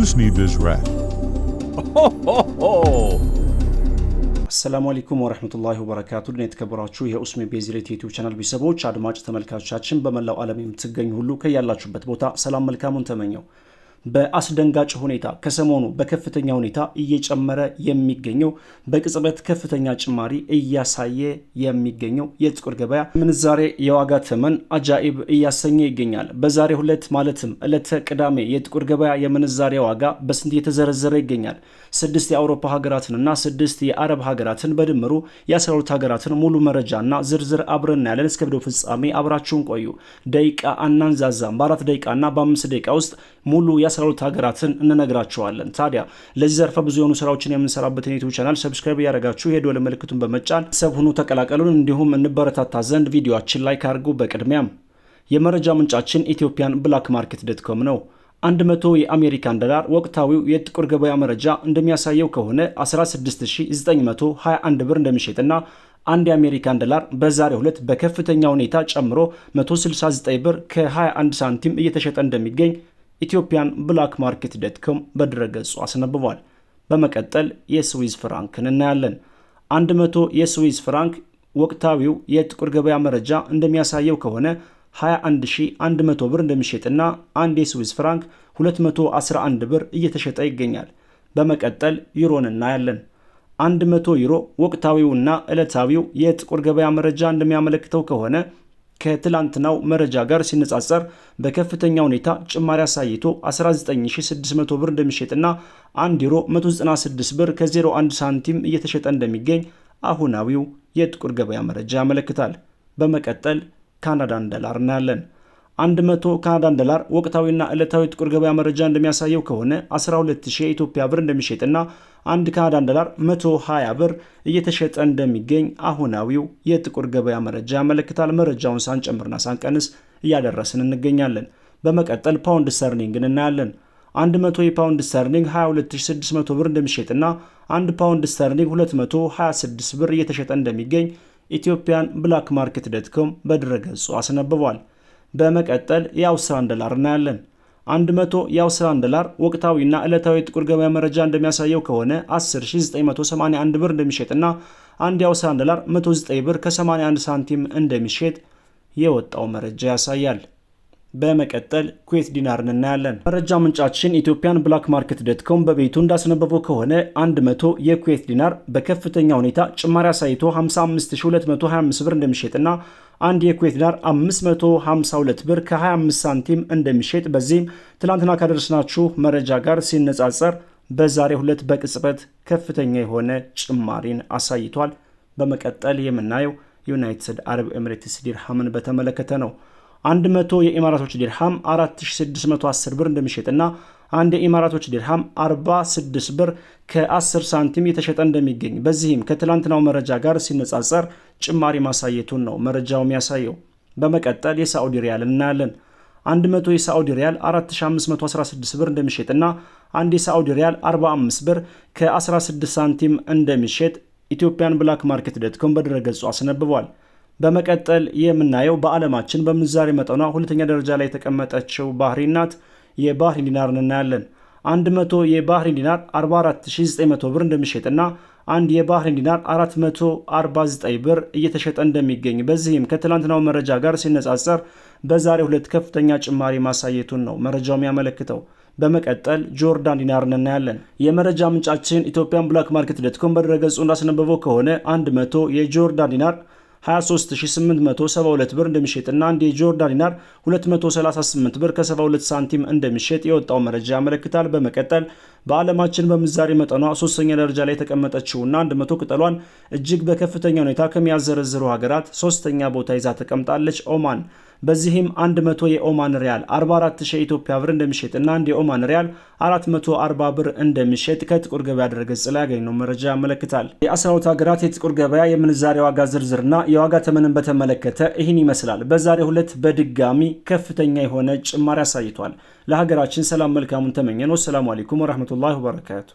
use me this rat. አሰላሙ አለይኩም ወረህመቱላሂ ወበረካቱ ድና የተከበራችሁ የኡስሚ ቤዝሬት ዩቲዩብ ቻናል ቤተሰቦች አድማጭ ተመልካቾቻችን በመላው ዓለም የምትገኙ ሁሉ ከያላችሁበት ቦታ ሰላም መልካሙን ተመኘው። በአስደንጋጭ ሁኔታ ከሰሞኑ በከፍተኛ ሁኔታ እየጨመረ የሚገኘው በቅጽበት ከፍተኛ ጭማሪ እያሳየ የሚገኘው የጥቁር ገበያ ምንዛሬ የዋጋ ተመን አጃኢብ እያሰኘ ይገኛል። በዛሬ ሁለት ማለትም ዕለተ ቅዳሜ የጥቁር ገበያ የምንዛሬ ዋጋ በስንት የተዘረዘረ ይገኛል? ስድስት የአውሮፓ ሀገራትንና ስድስት የአረብ ሀገራትን በድምሩ የ ሁለት ሀገራትን ሙሉ መረጃና ዝርዝር አብረና ያለን እስከ ብዶ ፍጻሜ አብራችሁን ቆዩ። ደቂቃ አናንዛዛም። በአራት ደቂቃና በአምስት ደቂቃ ውስጥ ሙሉ 12 ሀገራትን እንነግራቸዋለን። ታዲያ ለዚህ ዘርፈ ብዙ የሆኑ ስራዎችን የምንሰራበትን ዩቱብ ቻናል ሰብስክራይብ እያደረጋችሁ ሄዶ ለመልክቱን በመጫን ሰብ ሁኑ ተቀላቀሉን። እንዲሁም እንበረታታ ዘንድ ቪዲዮችን ላይክ አድርጉ። በቅድሚያም የመረጃ ምንጫችን ኢትዮጵያን ብላክ ማርኬት ዶት ነው። 100 የአሜሪካን ዶላር ወቅታዊው የጥቁር ገበያ መረጃ እንደሚያሳየው ከሆነ 16921 ብር እንደሚሸጥና አንድ የአሜሪካን ዶላር በዛሬው ዕለት በከፍተኛ ሁኔታ ጨምሮ 169 ብር ከ21 ሳንቲም እየተሸጠ እንደሚገኝ ኢትዮጵያን ብላክ ማርኬት ዶትኮም በድረገጹ አስነብቧል። በመቀጠል የስዊዝ ፍራንክን እናያለን። 100 የስዊዝ ፍራንክ ወቅታዊው የጥቁር ገበያ መረጃ እንደሚያሳየው ከሆነ 21100 ብር እንደሚሸጥና አንድ የስዊዝ ፍራንክ 211 ብር እየተሸጠ ይገኛል። በመቀጠል ዩሮን እናያለን። 100 ዩሮ ወቅታዊውና ዕለታዊው የጥቁር ገበያ መረጃ እንደሚያመለክተው ከሆነ ከትላንትናው መረጃ ጋር ሲነጻጸር በከፍተኛ ሁኔታ ጭማሪ አሳይቶ 19600 ብር እንደሚሸጥና 1 ዩሮ 196 ብር ከ01 ሳንቲም እየተሸጠ እንደሚገኝ አሁናዊው የጥቁር ገበያ መረጃ ያመለክታል። በመቀጠል ካናዳን ዶላር እናያለን። 100 ካናዳን ዶላር ወቅታዊና ዕለታዊ ጥቁር ገበያ መረጃ እንደሚያሳየው ከሆነ 12000 የኢትዮጵያ ብር እንደሚሸጥና አንድ ካናዳን ዶላር 120 ብር እየተሸጠ እንደሚገኝ አሁናዊው የጥቁር ገበያ መረጃ ያመለክታል። መረጃውን ሳንጨምርና ሳንቀንስ እያደረስን እንገኛለን። በመቀጠል ፓውንድ ስተርሊንግን እናያለን። 100 የፓውንድ ስተርሊንግ 22600 ብር እንደሚሸጥና 1 ፓውንድ ስተርሊንግ 226 ብር እየተሸጠ እንደሚገኝ ኢትዮጵያን ብላክ ማርኬት ዶት ኮም በድረገጹ አስነብቧል። በመቀጠል የአውስትራን ዶላር እናያለን። 100 የአውስትራሊያን ዶላር ወቅታዊና ዕለታዊ ጥቁር ገበያ መረጃ እንደሚያሳየው ከሆነ 10981 ብር እንደሚሸጥና አንድ የአውስትራሊያን ዶላር 109 ብር ከ81 ሳንቲም እንደሚሸጥ የወጣው መረጃ ያሳያል። በመቀጠል ኩዌት ዲናርን እናያለን። መረጃ ምንጫችን ኢትዮጵያን ብላክ ማርኬት ዶትኮም በቤቱ እንዳስነበበው ከሆነ 100 የኩዌት ዲናር በከፍተኛ ሁኔታ ጭማሪ አሳይቶ 55225 ብር እንደሚሸጥና አንድ የኩዌት ዲናር 552 ብር ከ25 ሳንቲም እንደሚሸጥ በዚህም ትላንትና ካደረስናችሁ መረጃ ጋር ሲነጻጸር በዛሬ ሁለት በቅጽበት ከፍተኛ የሆነ ጭማሪን አሳይቷል። በመቀጠል የምናየው ዩናይትድ አረብ ኤምሬትስ ዲርሃምን በተመለከተ ነው። 100 የኢማራቶች ዲርሃም 4610 ብር እንደሚሸጥና አንድ የኢማራቶች ድርሃም 46 ብር ከ10 ሳንቲም የተሸጠ እንደሚገኝ በዚህም ከትላንትናው መረጃ ጋር ሲነጻጸር ጭማሪ ማሳየቱን ነው መረጃው የሚያሳየው። በመቀጠል የሳዑዲ ሪያል እናያለን። 100 የሳዑዲ ሪያል 4516 ብር እንደሚሸጥና አንድ የሳዑዲ ሪያል 45 ብር ከ16 ሳንቲም እንደሚሸጥ ኢትዮጵያን ብላክ ማርኬት ዶትኮም በድረገጹ አስነብቧል። በመቀጠል የምናየው በዓለማችን በምንዛሬ መጠኗ ሁለተኛ ደረጃ ላይ የተቀመጠችው ባህሬን ናት። የባህሪን ዲናር እናያለን። 100 የባህሪን ዲናር 44900 ብር እንደሚሸጥና አንድ የባህሪን ዲናር 449 ብር እየተሸጠ እንደሚገኝ በዚህም ከትላንትናው መረጃ ጋር ሲነጻጸር በዛሬ ሁለት ከፍተኛ ጭማሪ ማሳየቱን ነው መረጃው የሚያመለክተው። በመቀጠል ጆርዳን ዲናር እናያለን። የመረጃ ምንጫችን ኢትዮጵያን ብላክ ማርኬት ዶት ኮም በድረገጹ እንዳስነበበው ከሆነ 100 የጆርዳን ዲናር 23872 ብር እንደሚሸጥና አንድ የጆርዳን ዲናር 238 ብር ከ72 ሳንቲም እንደሚሸጥ የወጣው መረጃ ያመለክታል። በመቀጠል በዓለማችን በምንዛሬ መጠኗ ሶስተኛ ደረጃ ላይ የተቀመጠችውና 100 ቅጠሏን እጅግ በከፍተኛ ሁኔታ ከሚያዘረዝሩ ሀገራት ሶስተኛ ቦታ ይዛ ተቀምጣለች ኦማን በዚህም 100 የኦማን ሪያል 44000 የኢትዮጵያ ኢትዮጵያ ብር እንደሚሸጥ እና አንድ የኦማን ሪያል 440 ብር እንደሚሸጥ ከጥቁር ገበያ ድረገጽ ላይ ያገኘነው መረጃ ያመለክታል። ሀገራት የጥቁር ገበያ የምንዛሬ ዋጋ ዝርዝርና የዋጋ ተመንን በተመለከተ ይህን ይመስላል። በዛሬው ዕለት በድጋሚ ከፍተኛ የሆነ ጭማሪ አሳይቷል። ለሀገራችን ሰላም መልካሙን ተመኘን። ወሰላሙ አሌይኩም ወረህመቱላሂ ወበረካቱ።